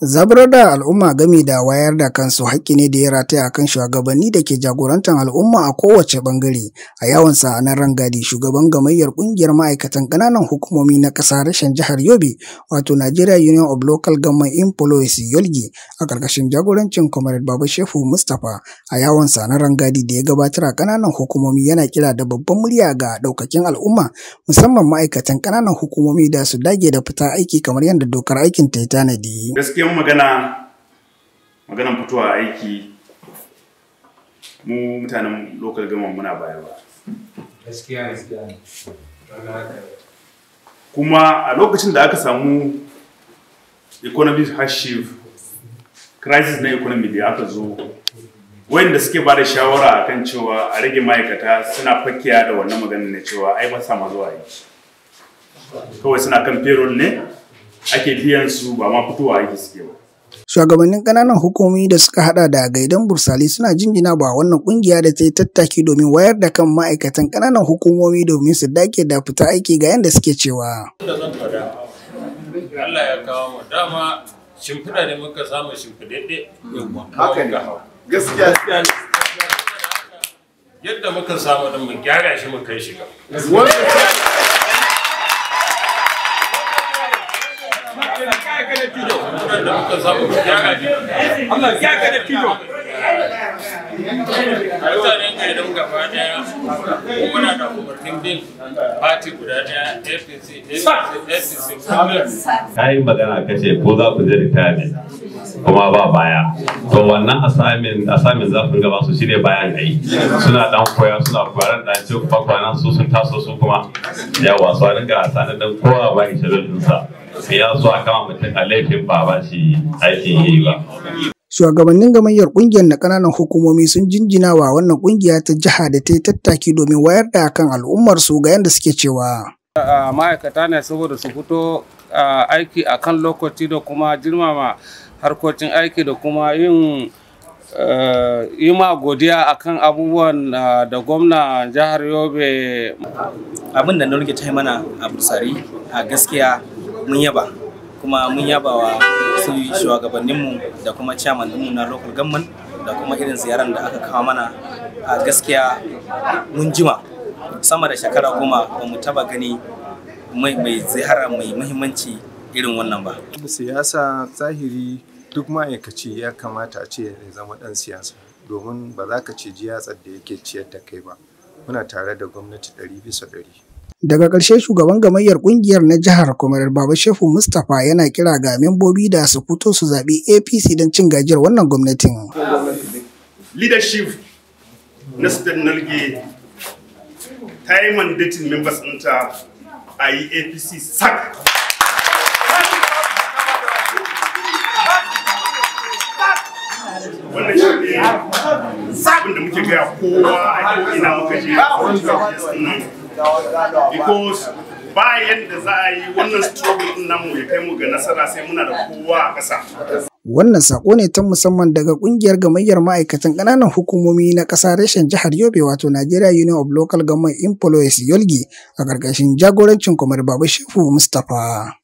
zaburar da al'umma game da wayar da kansu haƙƙi ne da ya rataya a kan shugabanni da ke jagorantar al'umma a kowace bangare a yawansa na rangadi shugaban gamayyar ƙungiyar ma'aikatan ƙananan hukumomi na ƙasa rashin jihar yobe wato nigeria union of local government employees yolgi a ƙarƙashin jagorancin comrade baba shehu mustapha a yawansa na rangadi da ya gabatar a ƙananan hukumomi yana kira da babban murya ga ɗaukakin al'umma musamman ma'aikatan ƙananan hukumomi da su dage da fita aiki kamar yadda dokar aikin ta yi tanadi. cikin magana maganan fitowa aiki mu mutanen local gama muna baya ba gaskiya kuma a lokacin da aka samu economic hardship crisis na economy da aka zo wayanda suke ba da shawara kan cewa a rage ma'aikata suna fakkiya da wannan maganin na cewa ai ba sa ma zuwa aiki kawai suna kan payroll ne ake biyan su ba ma fitowa ake suke ba. Shugabannin ƙananan hukumomi da suka hada da gaidan Bursali suna jinjina ba wannan kungiya da ta yi tattaki domin wayar da kan ma'aikatan ƙananan hukumomi domin su dake da fita aiki ga yadda suke cewa. Allah ya kawo mu dama shimfiɗa ne muka samu shimfiɗaɗɗe haka ne gaskiya yadda muka samu don mu gyara shi mu kai shiga. ta yi magana kace ko za ku je retirement kuma ba baya to wannan assignment assignment za ku gaba su shine bayan ai suna dan koya suna kwaran dan ce ku ba kwana su sun taso su kuma yawa su ringa asanin dan kowa ba ni shagalin sa sai ya zo a kama mutum a laifin ba ba shi aikin yi ba. Shugabannin gamayyar kungiyar na kananan hukumomi sun jinjina wa wannan kungiya ta jiha da ta yi tattaki domin wayar da kan al'ummar su ga yadda suke cewa. Ma'aikata ne saboda su fito aiki a kan lokaci da kuma jirmama harkokin aiki da kuma yin yi ma godiya akan abubuwan da gwamna jihar Yobe. Abin da na rike ta mana a a gaskiya mun yaba kuma mun yaba wa su shugabanninmu da kuma chairman ɗinmu na local government da kuma irin ziyaran da aka kawo mana a gaskiya mun jima sama da shekara goma ba mu taba gani mai ziyara mai muhimmanci irin wannan ba. Siyasa zahiri duk ma'aikaci ya kamata a ce ya zama ɗan siyasa domin ba za ka ce ji da yake ciyar da kai ba. Muna tare da gwamnati ɗari bisa ɗari. Daga ƙarshe shugaban gamayyar ƙungiyar na jihar Kwamar Baba Shehu Mustapha yana kira ga membobi da su fito su zaɓi APC don cin gajiyar wannan gwamnatin. Leadership na Sudan Nalge ta yi mandatin members ɗinta a yi APC sak. Wannan shi ne abin da muke gaya kowa a ina muka je. because ba za a yi wannan struggle din namu ya kai mu ga nasara sai muna da kowa a ƙasa wannan sako ne ta musamman daga ƙungiyar gamayyar ma'aikatan ƙananan hukumomi na ƙasa reshen jihar yobe wato nigeria union of local government employees yolgi a ƙarƙashin jagorancin kwamar babu shehu mustapha